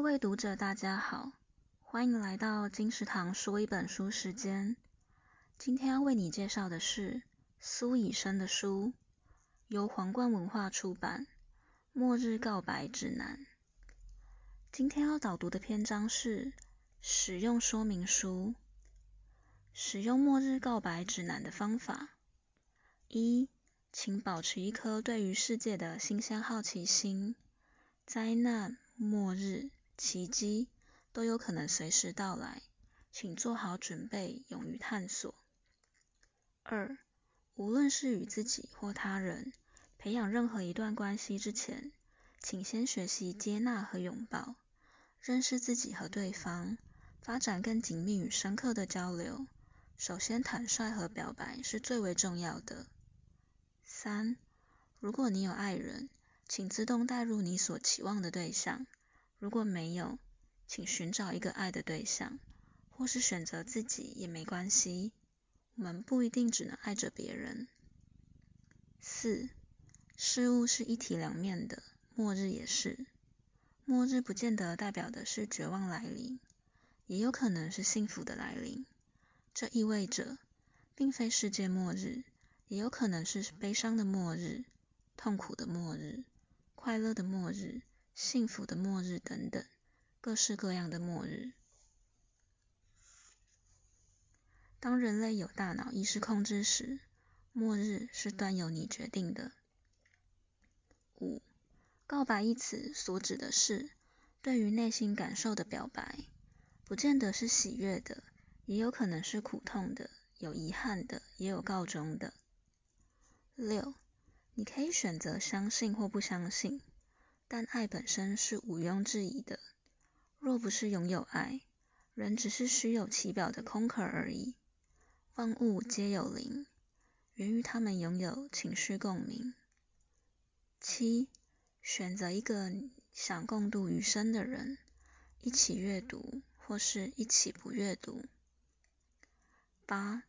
各位讀者，大家好，歡迎來到金石堂說一本書時間。今天要為你介紹的是蘇乙笙的書，由皇冠文化出版《末日告白指南》。今天要導讀的篇章是使用說明書。使用《末日告白指南》的方法：一，請保持一顆對於世界的新鮮好奇心，災難末日。奇蹟都有可能隨時到來，請做好準備，勇於探索。二、無論是與自己或他人培養任何一段關係之前，請先學習接納和擁抱，認識自己和對方，發展更緊密與深刻的交流。首先，坦率和表白是最為重要的。三、如果你有愛人，請自動帶入你所期望的對象。如果沒有，請尋找一個愛的對象，或是選擇自己也沒關係。我們不一定只能愛着別人。四，事物是一體兩面的，末日也是。末日不見得代表的是絕望來臨，也有可能是幸福的來臨。這意味着，並非世界末日，也有可能是悲傷的末日、痛苦的末日、快樂的末日。幸福的末日等等，各式各樣的末日。當人類有大腦意識控制時，末日是端由你決定的。五，告白一詞所指的是對於內心感受的表白，不見得是喜悅的，也有可能是苦痛的，有遺憾的，也有告終的。六，你可以選擇相信或不相信。但愛本身是毋庸置疑的。若不是擁有愛，人只是虛有其表的空殼而已。萬物皆有靈，源於他們擁有情緒共鳴。七，選擇一個想共度餘生的人，一起閱讀或是一起不閱讀。八，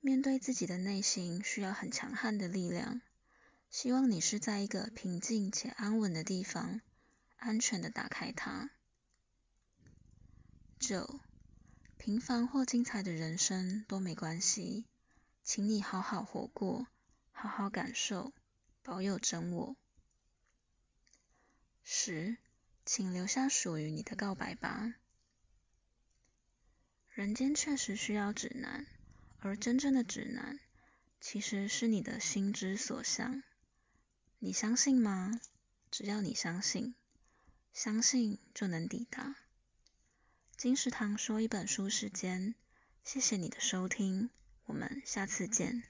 面對自己的內心需要很強悍的力量。希望你是在一個平靜且安穩的地方，安全的打開它。九，平凡或精彩的人生都沒關係，請你好好活過，好好感受，保有真我。十，請留下屬於你的告白吧。人間確實需要指南，而真正的指南，其實是你的心之所向。你相信嗎？只要你相信，相信就能抵達。金石堂說一本書時間，謝謝你的收聽，我們下次見。